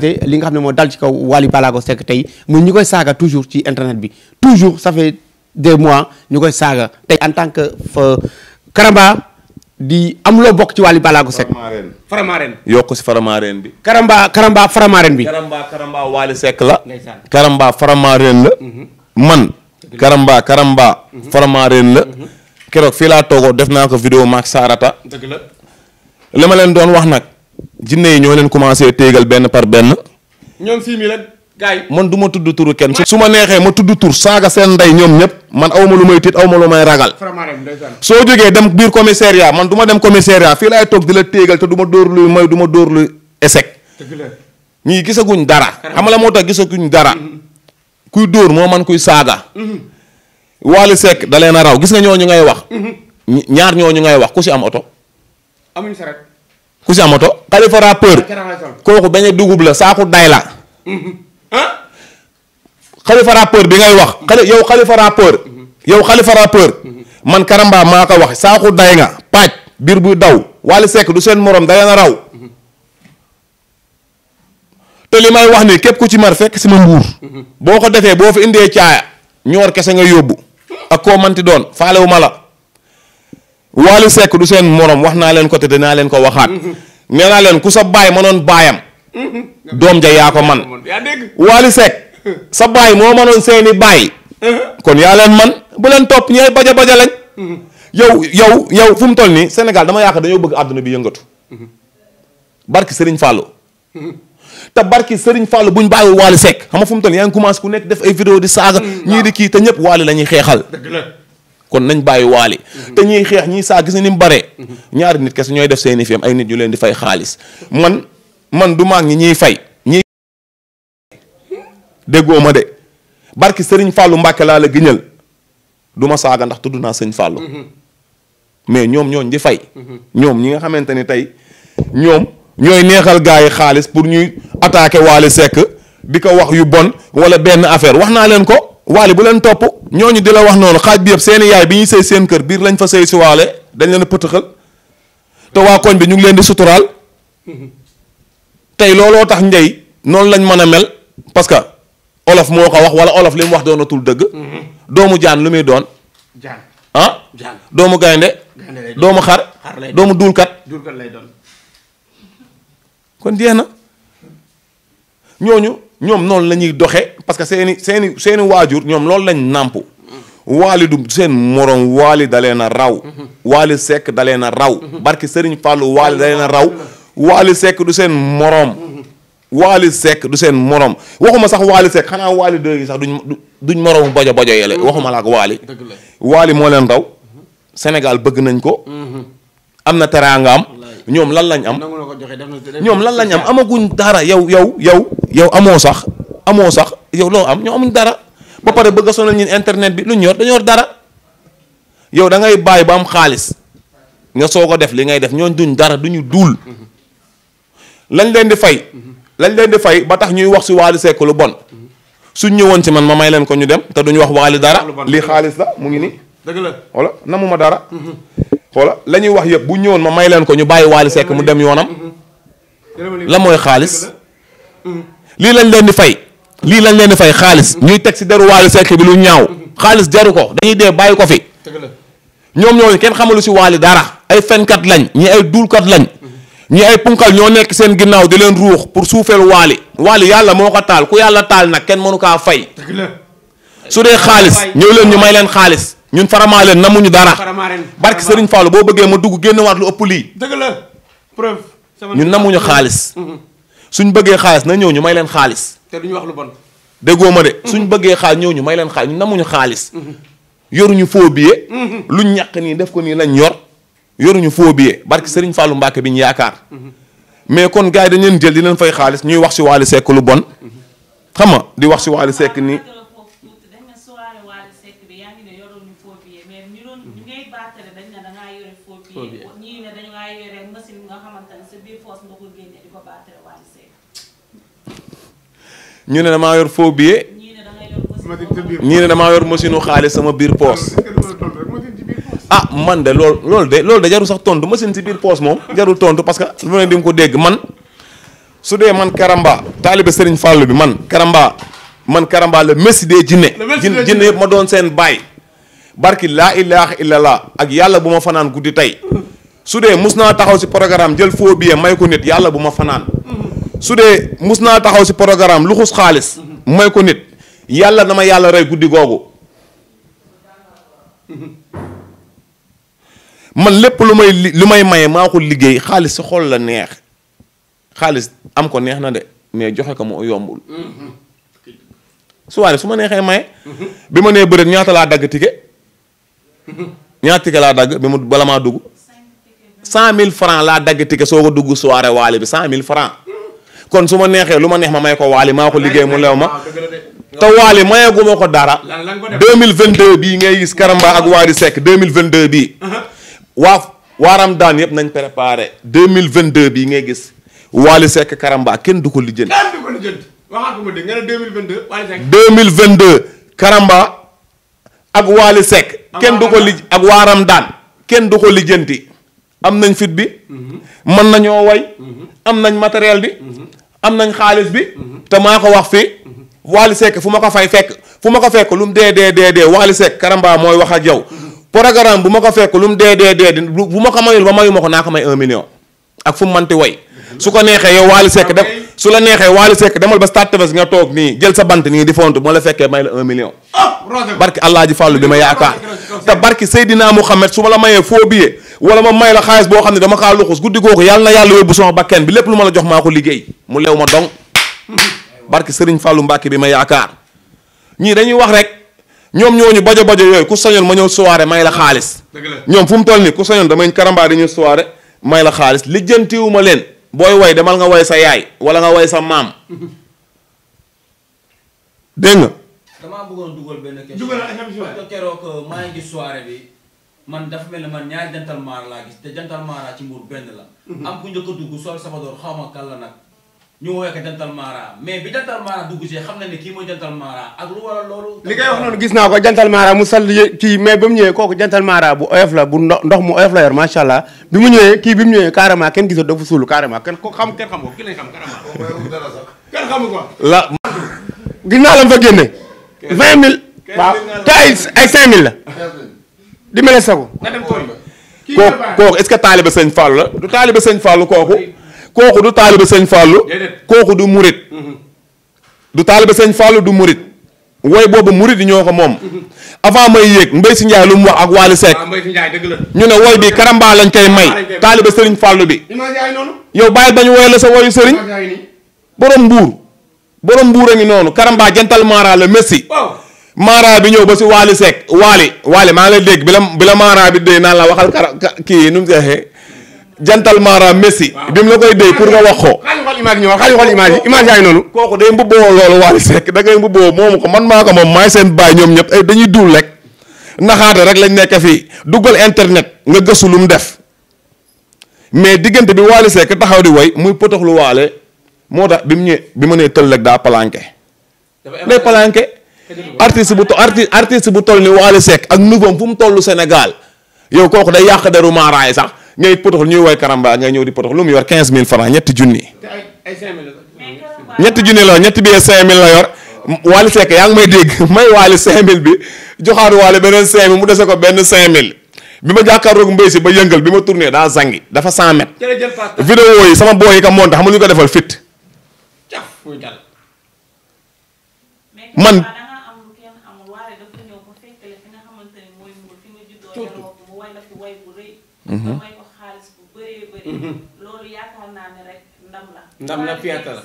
li nga xam ne moo dal ci kaw Wally Ballago Seck tey mu ñu koy saaga toujours ci internet bi toujours sa fait des mois ñu koy saaga tey en tant que euh, Karamba di am loo bokk ci Wally Ballago Seck Faramaren yokk si Faramaren bi Karamba Karamba Faramaren bi Karamba Karamba Wally Seck la mhm. man Karamba Karamba mhm. Faramaren la mhm. keroog fii laa toogoo def naa ko vidéo maak Sarata dëgg leen doon wax nag jinne yi ñoo leen commencé téegal benn par benn. ñoom sii mi la man du ma tudd turu kenn su ma neexee ma tudd tur saaga seen ndey ñoom ñëpp man aw ma lu may tiit aw ma lu may ragal. soo jógee dem biir commissariat man duma ma dem commissariat fii laay toog di la téegal te du ma dóor luy may duma ma dóor luy échec. ñii gisaguñ dara. xam moo tax gisaguñ dara. Mm-hmm. kuy dóor moo man kuy saaga. Mm-hmm. Wally da leen a raw gis nga ñooñu ngay wax. Mm-hmm. ñaar ñu ngay wax ku si am oto. amuñ saret ku xalifa rappeur kooku bañ dugub la saaku day la xalifa mm-hmm. rappeur bi ngay wax mm-hmm. yow xalifa rappeur mm-hmm. yow xalifa man karamba maa ko wax saaku day nga paaj biir buy daw Wally sekk du seen moroom da leen a raw te li may wax ni képp ku ci mar fekk si ma mbuur boo ko defee boo fi indee caaya ñoor kese nga yóbbu ak koo manti doon faalewu ma la Wally Seck du seen moroom wax naa leen ko te dinaa leen ko waxaat nee naa leen ku sa baay manoon baayam doom ja yaa ko man Wally Seck sa baay moo mënoon seeni baay kon yaa leen man bu leen topp ñooy baja baja lañ yow yow yow fu mu toll nii senegal dama yaakaar dañoo bëgg àdduna bi yëngatu barki sëriñ Fallou te barki Serigne Fallou buñ bàyyi Wally Seck xam nga fu mu toll nii yaa ngi commencé ku nekk def ay vidéo di saaga ñii di kii te ñëpp Wally la ñuy xeexal kon nañ bàyyi waali mhm. te ñuy xeex ñii saa gis ni mu bare. Mhm. ñaari nit kese ñooy def seen i fem ay nit ñu leen di fay xaalis man man du maa ngi ñiy fay ñiy de barki sëriñ fàllu Mbàkke laa la gëñal du ndax tudd naa sëñ fàllu mhm. ñoom ñooñ fay ñoom ñi nga xamante ni tey ñoom ñooy neexal gars yi xaalis pour ñuy attaquer Wally Seck di ko wax yu bon wala benn affaire wax naa leen ko waali bu leen topp ñoo ñu di la wax noonu xaaj bi yëpp seeni yaay bi ñu sëy seen kër biir lañ fa sëy si dañ leen a pëtëxal te waa koñ bi ñu ngi leen di suturaal tey looloo tax ndey noonu lañ mën a mel parce que olof moo ko wax wala olof li wax doonatul dëgg doomu jaan lu muy doon jaan ah? doomu gaynde doomu xar doomu duulkat duulkat lay doon kon jeex na ñooñu ñoom noonu la ñuy doxee parce que seeni seeni seeni waajur ñoom loolu lañu nàmp waali du seen morom waali dalee na raw waali sekk dalee na raw barki sëriñ fàllu waali dalee na raw waali sekk du seen moroom waali sekk du seen morom waxuma sax waali sekk xanaa waali deux sax duñ duñ bajo bajo bojo yele mm-hmm. waxuma la ak waali waali moo leen raw Sénégal bëgg nañ ko mm-hmm. am na teraangaam ñoom lan lañ am. ñoom lan lañ am amaguñ dara yow yow yow. yow amoo sax amoo sax yow loo am ñoo amuñ dara ba pare bëgg a sonal ñun internet bi lu ñor dañoo yor dara yow da ngay bàyyi ba am xaalis nga soo ko def li ngay def ñooñ duñ dara duñu duul lañ leen di fay. lañ leen di fay ba tax ñuy wax si Wally Seck lu bon suñ ñëwoon si man ma may leen ko ñu dem te duñu wax Wally dara. lii xaalis la mu ngi nii. dëgg la wala namuma dara. Mhm. xoola la ñuy wax yëpp bu ñëwoon ma may leen ko ñu bàyyi Waly sekk mu dem yoonam la mooy xaalis lii lañ leen di fay lii lañ leen di fay xaalis ñuy teg si deru Waly sekk bi lu ñaaw xaalis jaru ko dañuy dee bàyyi ko fi ñoom ñooñu kenn xamalu si Waly dara ay fenkat lañ ñi ay duulkat lañ ñi ay punkal ñoo nekk seen ginnaaw di leen ruux pour suufeel Waly Waly yàlla moo ko taal ku yàlla taal nag kenn mënu kaa fay su dee xaalis ñëw leen ñu may leen xaalis ñun faramaareen namuñu dara. faramaareen barki Serigne Fallou boo bëggee ma dugg génn waat lu ëpp lii. dëgg la preuve. ñun namuñu xaalis. Mhm. suñ bëggee xaalis na ñëw ñu may leen xaalis. te duñu wax lu bon. déggoo ma de. Mhm. suñ bëggee xaalis ñëw ñu may leen xaalis ñun namuñu xaalis. Mhm. yoruñu faux billet. luñ ñàkk nii def ko nii lañ yor. yoruñu faux billet barki sëriñ Fallou Mbacke bi ñu yaakaar. mais kon gars yi dañ leen jël di leen fay xaalis ñuy wax si Wally Seck lu bon. xam nga di wax si Wally Seck nii. nga ne sa biir ñu ne damaa yor faux billet. ñii ne dangay yor damaa yor machine xaalis sama biir poos. ah man de loolu loolu de lool de jarul sax tontu machine si biir poos moom jarul tontu parce que lu ne di nga ko dégg man su dee man Karamba taalibe Serigne Fallou bi man Karamba man Karamba la messi dee jinne jinne yëpp ma doon seen baay barki laa ilaaha illallah ak yàlla bu ma fanaan guddi tey. su dee mus naa taxaw si programme jël faux billet may ko nit yàlla bu ma fanaan su dee mus naa taxaw si programme luxus xaalis may ko nit yàlla na ma yàlla rey guddi googu man lépp lu may lu may maye maa ko liggéey xaalis si xool la neex xaalis am ko neex na de mais joxe ko mu yombul su waane su ma neexee maye bi ma nee bëreet ñaata laa dagg ticket ñaata ticket laa dagg bi mu bala maa dugg cent mille francs laa dagg ticket soo ko dugg soirée waali bi cent mille francs kon su ma neexee lu ma neex ma may ko waali maa ko liggéey mu lew ma ah, te waali mayaguma ko dara 2022 bii ngay gis Karamba ak Wally Seck 2022 bii uh-huh. waa waaram daan yëpp nañ préparé 2022 bii ngay gis Wally sekk Karamba kenn du ko lijjanti kenn du ko lijjanti waxaat ko ma dégg nga ne 2022 ak Wally Seck kenn du ko lij ak waaram daan kenn du ko lijjanti am nañ fit bi mën nañoo way am nañ matériel bi am nañ xaalis bi te maa ko wax fii Wally Seck fu ma ko fay fekk fu ma ko fekk lu mu dee dee dee dee Wally Seck mooy wax ak yow programme bu ma ko fekk lu mu dee dee dee bu ma ko mayul ba mayu ko naa ko may un million ak fu mu manti way su ko neexee yow Wally Seck def su la neexee Wally Seck demal ba Stade Tefes nga toog nii jël sa bant nii di font bu ma la fekkee may la un million ah, barki Allaaji Fàllu bi ma yaakaar te barki Seydina Mouhamed su ma la mayee foo biyee wala ma may la xaalis boo xam ne dama kaa luxus guddi googu yàlla na yàlla yóbbu sama bakken bi lépp lu ma la jox maa ko liggéey mu lew ma dong barki Serigne Fallou Mbacke bi ma yaakaar ñii dañuy wax rek ñoom ñoo ñu bajo bajo yooyu ku sañoon ma ñëw soirée may la xaalis. ñoom fu mu toll nii ku sañoon damay karambaa di ñëw soirée may la xaalis lijjantiwu ma leen booy way demal nga way sa yaay wala nga way sa maam dégg nga. bëggoon dugal benn bi. man dafa mel ne man ñaari jantal maar laa gis te jantal maara ci mbuur benn la. Mhm. am ku njëkk a dugg sol sabadoor xaw ma kan la nag. ñu woowee ko jantal maara mais bi jantal maara dugg see xam na ni kii mooy jantal maara ak lu waral naa ko jantal maara mu sal kii mais ba mu ñëwee kooku jantal maara bu oyof la bu ndox mu oyof la yor macha allah bi mu ñëwee kii bi mu ñëwee carrément kenn gisoo dafa suulu carrément kenn xam kenn xam ko ki lañ xam carrément. kenn xamul quoi. la gis naa la fa génne. 20 000 waaw di mel sagu kooku kooku est-ce que taaliba sëñ Fallou la du taaliba sëñ Fallou kooku kooku du taaliba sëñ Fallou kooku du murit mhm. du taaliba sëñ Fallou du murit woy boobu murit yi ñoo ko moom mhm. avant may yéeg Mbaye si Ndiaye lu mu wax ak Waly Seck ah, ñu ne woy bi karamba lañ koy may taaliba sëriñ Fallou bi yow bàyyi bañ woy la sa woyu sëriñ borom mbuur borom mbuur a ngi noonu karamba jantal maara la merci maara bi ñëw ba si waali seek waali waali maa ngi lay dégg bi la bi la maara bi dee naan la waxal kara kii nu mu seexee jantal maara Messi. bi mu la koy dee pour nga wax ko. xaaral image ñu wax xaaral xool image image yaa ngi noonu. kooku day mbubboo loolu waali Seck da mbubboo moomu ko man maa ko moom maay seen baay ñoom ñëpp ay dañuy duul rek naxaate rek lañ nekk fii duggal internet nga gëstu lu mu def mais diggante bi waali seek taxaw di way muy potoxlu waale moo tax bi mu ñëwee bi ma nee tël artiste bu arti artiste bu toll ni Wally Seck ak nouveau fu mu toll Sénégal yow kooku day yàq deru maaraay sax ngay potoxlu ñuy woy karamba ngay ñëw di potoxlu lu mu yor 15000 francs ñetti junni. ñetti junni la ñetti bee mille la yor. Wally Seck yaa ngi may dégg may Wally 5000 bi joxaat Wally beneen 5000 mu dese ko benn 5000 bi ma jàkkaarloog mbéy si ba yëngal bi ma tourné daa zangi dafa 100 mètres. jërëjëf Fatou. vidéo yi yi ka monté xam nga ñu ko defal fit. man. nga may ko xaalis mm-hmm. loolu yaakaar naa ne rek ndam la. ndam la piyaata def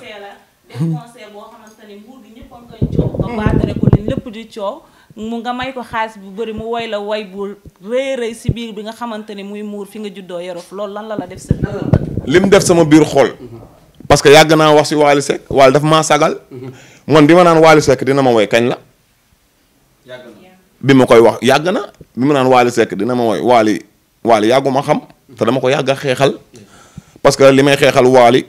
coow. Mm-hmm. lépp di coow. mu nga may ko xaalis bu bëri mu woy la woy bu rëy rëy si biir bi nga xamante ni muy muur fi nga juddoo yorof loolu lan la la def sa li mu def sama biir xol. Mm-hmm. parce que yàgg naa wax si Waly Seck Waly dafa maa sagal. man bi ma naan Waly Seck dina ma woy kañ la. bi ma koy wax yàgg na bi ma naan Waly Seck dina ma woy Waly waali yàggu ma xam te dama ko yàgg xeexal parce que li may xeexal waali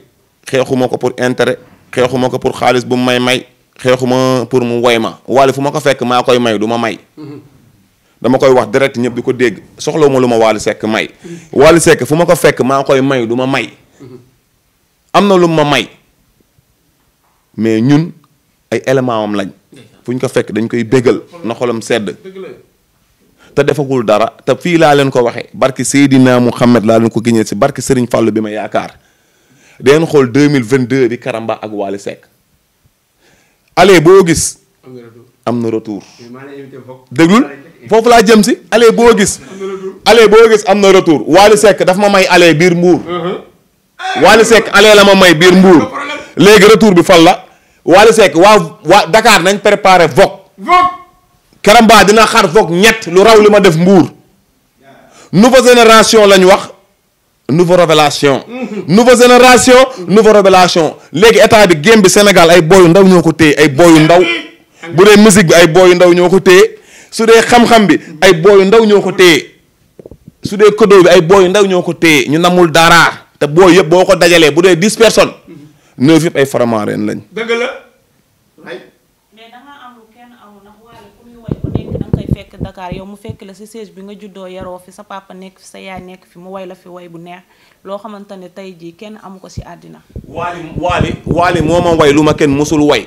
xeexuma ko pour intérêt xeexuma ko pour xaalis bu mu may may xeexuma pour mu woy ma waali fu ma ko fekk maa koy may duma may dama koy wax direct ñëpp ko dégg soxlawuma lu ma waali sekk may waali sekk fu ma ko fekk maa koy may du may am na lu ma may mais ñun ay élément am lañ fu ñu ko fekk dañ koy béggal na xolam sedd te defagul dara te fii laa leen ko waxee barki Seydina Mouhamed laa leen ko génnee si barki Serigne Fallou bi ma yaakaar deen xool deux mille vingt deux bi Karamba ak Wally Seck boo gis. am na retour déglul foofu laa jëm si allez boo gis. allez boo gis am na retour Wally Seck daf ma may allez biir mbuur. Uh-huh. Wally Seck allez la ma may biir mbuur. léegi retour bi fan la Wally Seck waa waa Dakar nañ préparé Vogue. Karamba dina xar foog ñett lu raw li ma def mbuur nouvelle génération lañ wax nouvelle révélation mm-hmm. nouvelle génération nouvelle révélation léegi état bi game bi Sénégal ay booyu ndaw ñoo ko téye ay booyu ndaw bu dee musique bi ay booyu ndaw ñoo ko téye su dee xam-xam bi ay booyu ndaw ñoo ko téye su dee kodo bi ay booyu ndaw ñoo ko téye ñu namul dara te booy yëpp boo ko dajalee bu dee dix personnes mm-hmm. neuf yëpp ay faramareen lañ. la. Dakar mu fekk la si siège bi nga juddoo yaroo fi sa papa nekk sa yaay nekk fi mu way la fi bu neex loo xamante ne tey jii kenn amu ko si àddina waali waali waali moo ma way lu ma kenn mosul way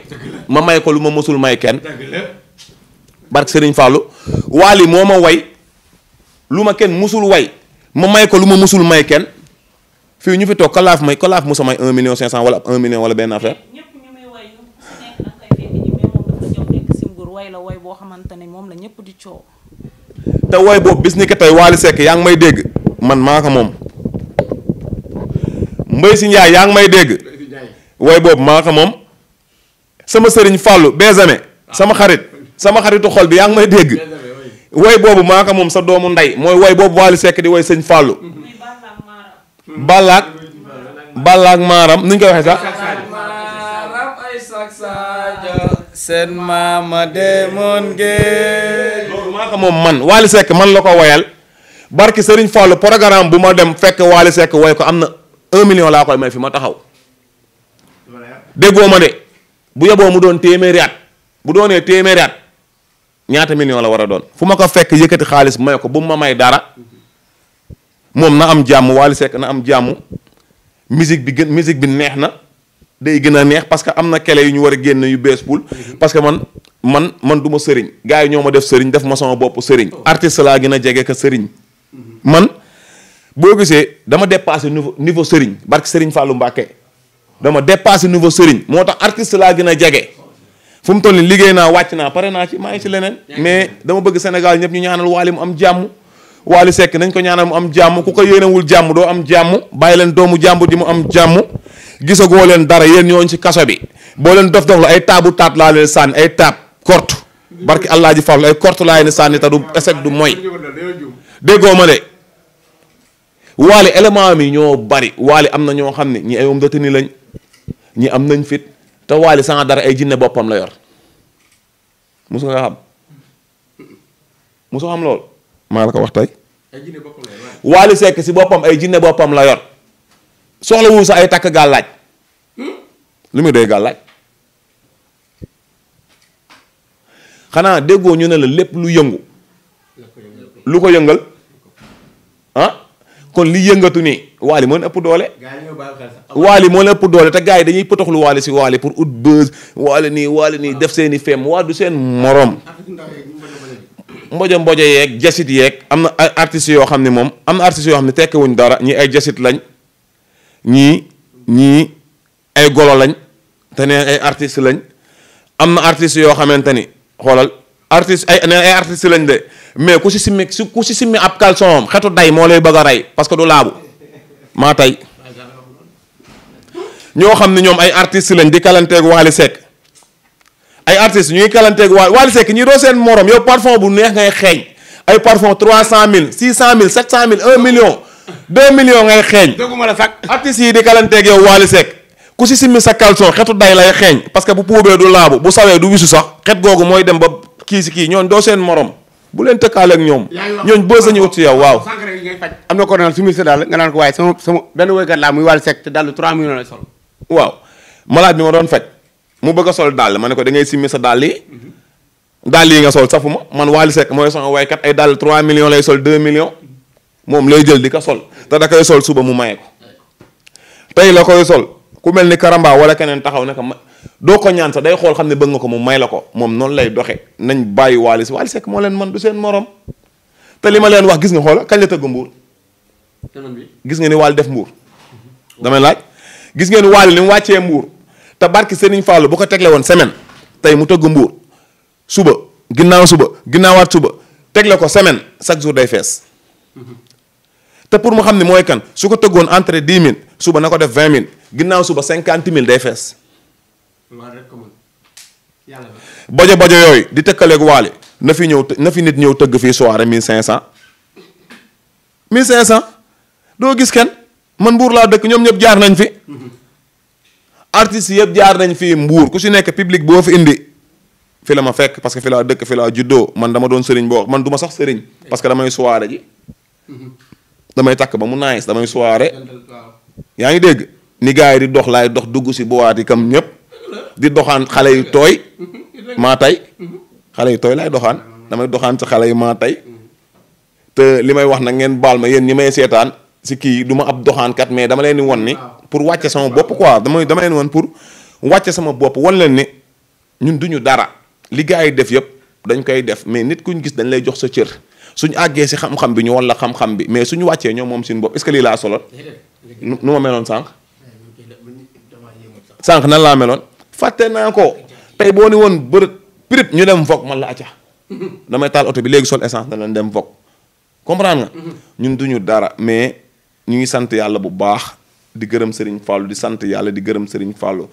ma may ko lu ma mësul may kenn barke Serigne Fallou waali moo ma way lu ma kenn mësul way ma may ko lu ma mësul may kenn fii ñu fi toog kalaaf may kalaaf musa may 1 million 500 wala 1 million wala benn affaire. way la way boo xamante ne moom la ñëpp di te woy boobu bis ni ko tey Waly Seck yaa ngi may dégg man maa ko moom Mbaye si Ndiaye yaa ngi may dégg woy boobu maa moom sama sëriñ Fallou Bézame sama xarit sama xaritu xol bi yaa ngi may dégg woy boobu maa moom sa doomu ndey mooy woy boobu Waly Seck di woy sëñ Fallou Ballack Ballack Maaram nuñ koy waxee sax. seen maama demoon géej maa moom man Waly Seck man la ko woyal barki sëriñ Fall programme bu ma dem fekk Waly Seck woy ko am na un million laa koy may fi ma taxaw déggoo ma de bu yeboo mu doon téeméeri bu doonee téeméeri ñaata million la war a doon fu ma ko fekk yëkkati xaalis may ko bu ma may dara moom na am jàmm Waly Seck na am jàmm musique bi gën musique bi neex na day gën a neex parce que am na kele yu ñu war a génn yu bees bul mhm. parce que man man man du ma sëriñ gars yi ñoo ma def sëriñ def ma sama bopp sëriñ oh. artiste laa gën a jege que sëriñ mhm. man boo gisee dama dépassé niveau niveau sëriñ barke sëriñ Fallou Mbacke dama dépassé niveau sëriñ moo tax artiste laa gën a jege fu mu toll nii liggéey naa wàcc naa pare naa ci maa ngi ci leneen mais dama bëgg Sénégal ñëpp ñu ñaanal Wally mu am jàmm Wally sekk nañ ko ñaanal mu am jàmm ku ko yéenewul jàmm doo am jàmm bàyyi leen doomu jàmm di mu am jàmm gisagoo leen dara yéen ñooñu ci kaso bi boo leen dof dof la ay taabu taat laa leen sànni ay taab korte barki allah ji fàllu ay korte laa leen sànni te du eset du mooy déggoo ma de waale élément mi ñoo bari waale am na ñoo xam ne ñi ay om data ni lañ ñi am nañ fit te waale sans dara ay jinne boppam la yor musu nga xam musu xam loolu maa la ko wax tey waali sekk si boppam ay jinne boppam la yor soxla wu sa ay takk gàllaaj hmm? lu muy doy gàllaaj xanaa déggoo ñu ne la lépp lu yëngu lu ko yëngal ah kon li yëngatu nii waali moo ëpp doole waali moo ëpp doole te gaa yi dañuy potoxlu waali si waali pour ut buzz waali nii waali nii def seeni i fem waa du seen moroom mbojo mbojo yeeg jasit yeeg am na artistes yoo xam ne moom am na artistes yoo xam ne tekkiwuñ dara ñii ay jasit lañ ñii ñii ay golo lañ te neen ay artiste lañ am na artiste yoo xamante ni xoolal artiste ay neen ay artiste lañ de mais ku si simmi ku si simmi ab caleçon am xetu day moo lay bëgg a rey parce que du laabu maa tey ñoo xam ni ñoom ay artiste lañ di kalanteeg Waly Seck ay artiste ñu ngi kalanteeg Waly Waly Seck ñi doo seen morom yow parfum bu neex ngay xeeñ ay parfum trois cent mille six cent mille sept cent mille un million deux millions ngay xeeñ. dégguma la sax artistes yi di kalanteeg yow Wally ku si simmi sa caleçon xetu day lay xeeñ parce que bu puubee du laabu bu sawee du wisu sax xet googu mooy dem ba kii si kii ñooñ doo seen morom bu leen tëkkaale ak ñoom. ñooñ bës nañu ut si yow waaw. na ko naan su sa daal nga naan ko waaye sama sama benn mu bëgg a sol daal ma ne ko da ngay simmi sa daal yi. Mhm. daal yi nga sol safuma man Wally Seck mooy sama woykat ay daal 3 millions lay sol 2 millions. moom lay jël di ko sol te da koy sol suba mu maye ko tey la koy sol ku mel ni karambaa wala keneen taxaw ne ko ma doo ko ñaan sax day xool xam ne bëgg nga ko mu may la ko moom noonu lay doxe nañ bàyyi Wally Waly Seck moo leen man du seen morom te li ma leen wax gis nga xoola kañ la tëgg mbuur gis nga ni Waly def mbuur damay laaj gis ngeen Waly li mu wàccee mbuur te barki Serigne Fallou bu ko tegle woon semaine tey mu tëgg mbuur suba ginnaaw suba ginnaawaat suba tegle ko semaine chaque jour day te pour mu xam ne mooy kan su ko tëggoon entrée di mille suba na ko def vingt mille ginnaaw suba cinquante mille day fees. bojo bojo yooyu di tëkkaleeg waale na fi ñëw na fi nit ñëw tëgg fii soirée mille cinq cent. mille cinq cent doo gis kenn man mbuur laa dëkk ñoom ñëpp jaar nañ fi. Mhm. artistes yëpp jaar nañ fii mbuur ku si nekk public boo fi indi. fi la ma fekk parce que fi laa dëkk fi laa juddoo man dama doon sëriñ boo man du ma sax sëriñ parce que damay soirée ji. Mhm. damay takk ba mu nice damay soirée yaa ngi dégg ni gars yi di dox laay dox dugg si bowaat yi kam ñëpp di doxaan xale yu tooy maa tey xale yi tooy laay doxaan damay doxaan si xale yu maa tey te li may wax nag ngeen baal ma yéen ñi may seetaan si kii du ma ab doxaankat mais dama leen di won ni pour wàcce sama bopp quoi dama dama leen won pour wàcce sama bopp wan leen ni ñun duñu dara li gars yi def yëpp dañ koy def mais nit ku ñu gis dañ lay jox sa cër suñu àggee si xam-xam bi ñu won la xam-xam bi mais suñu wàccee ñoom moom suñu bopp est-ce que lii laa solo nu ma meloon sànq sànq nan laa meloon fàtte naa ko tey boo ni woon bërët pirip ñu dem foog man la acca damay taal oto bi léegi sol essence dana dem foog comprendre nga ñun duñu dara mais ñu ngi sant yàlla bu baax di gërëm Serigne Fallou di sant yàlla di gërëm Serigne Fallou